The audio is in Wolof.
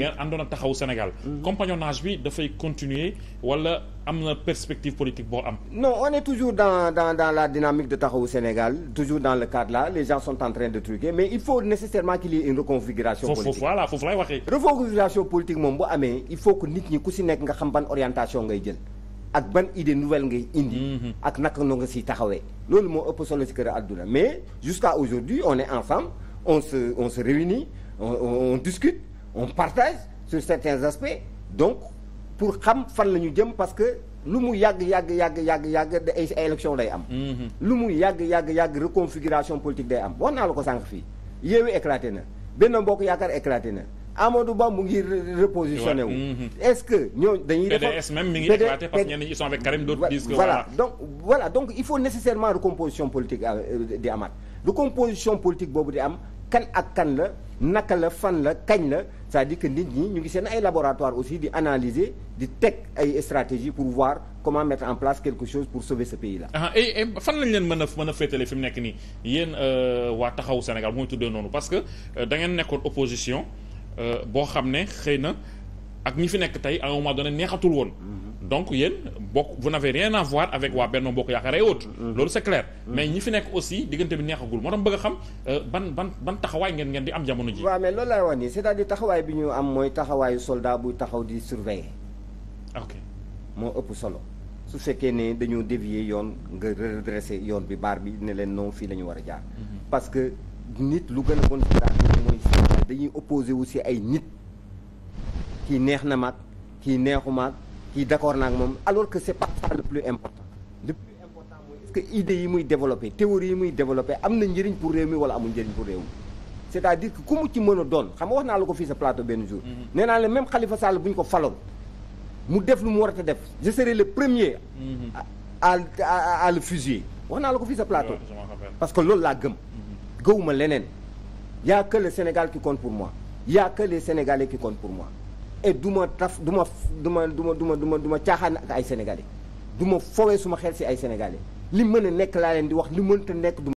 mais àndoon ak taxawu Sénégal. Mhm. compagnonnage bi dafay continuer wala am na perspective politique boo am. non on est toujours dans dans la dynamique de taxawu Sénégal toujours dans le cadre là les gens sont en train de truquer mais il faut nécessairement qu'il y ait une reconfiguration. politique foofu voilà foofu lay waxee. reconfiguration politique moom bu amee il faut que nit ñi ku si nekk nga xam ban orientation ngay jël. ak ban idée nouvelle ngay indi. Mhm. ak naka nga moo ëpp solo si kër àdduna mais jusqu'à on partage sur certains aspects donc pour xam fan la ñu jëm parce que lu mu yàgg yàgg yàgg yàgg yàgg ay élection day am. Mhm. lu mu yàgg yàgg yàgg reconfiguration politique day am wax la ko sànq fii Yewwi éclaté na Benno Bokk Yaakaar éclaté na. Amadou Ba mu ngi repositionné wu. Mhm. est-ce que ñooñu dañuy. defar PDS même mi ngi éclaté parce que ñenn ñi ils avec Karim d'autres disent que donc il faut nécessairement recomposition politique euh, euh, di amaat recomposition politique boobu di am. kan ak kan la naka la fan la kañ la c'est-à-dire que nit ñi ñu ngi seen ay laboratoire aussi di analyser di teg ay stratégie pour voir comment mettre en place quelque chose pour sauver ce pays là. fan lañ leen mën a mën a féetale fi mu nekk nii yéen euh, waa taxawu Sénégal mooy tuddee noonu parce que euh, dangeen ngeen nekkoon opposition euh, boo xam ne xëy na ak ñi fi nekk tey à un moment donné neexatul woon. Mm-hmm. donc yéen bokk vous n'avez rien à voir avec waa Benno Bokk Yaakaar et autres mm-hmm. loolu c'est clair mm-hmm. mais ñi fi nekk aussi diggante bi neexagul moo tax bëgg a euh, ban ban ban taxawaay ngeen ngeen di am jamono ji waaw mais loolu laay wax nii cest ñu am mooy taxawaayu soldat buy taxaw di surveiller ah, ok moo ëpp solo su fekkee ne dañoo dévier yoon nga redresser yoon bi baar bi ne leen non fii la ñu war a jaar mm-hmm. parce que nit lu gën a bon ci mooy dañuy opposé wu si ay nit kii neex na maag kii neexu maag kii d'accord naa ak moom alors que c'est pas ça le plus important le que idées yi muy développer théorie yi muy développer am na njëriñ pour réew mi wala amul njëriñ pour réew mi c'est-à-dire que ku mu ci mën a doon xam nga wax naa la ko fii sa plateau benn jour mm-hmm. nee naa la même Khalifa Sall bu ñu ko faloon mu def lu mu war a def je serai le premier mm-hmm. à à à wax naa la ko fii sa plateau parce que loolu laa gëm mm-hmm. gëwuma leneen y a Sénégal qui compte pour moi y a que les pour moi et eh, du taf du ma du ma du ma duma duma du ma ak ay sénégalais du ma fowee suma xel si ay sénégalais li mën a nekk laa leen di wax li mënta nekk du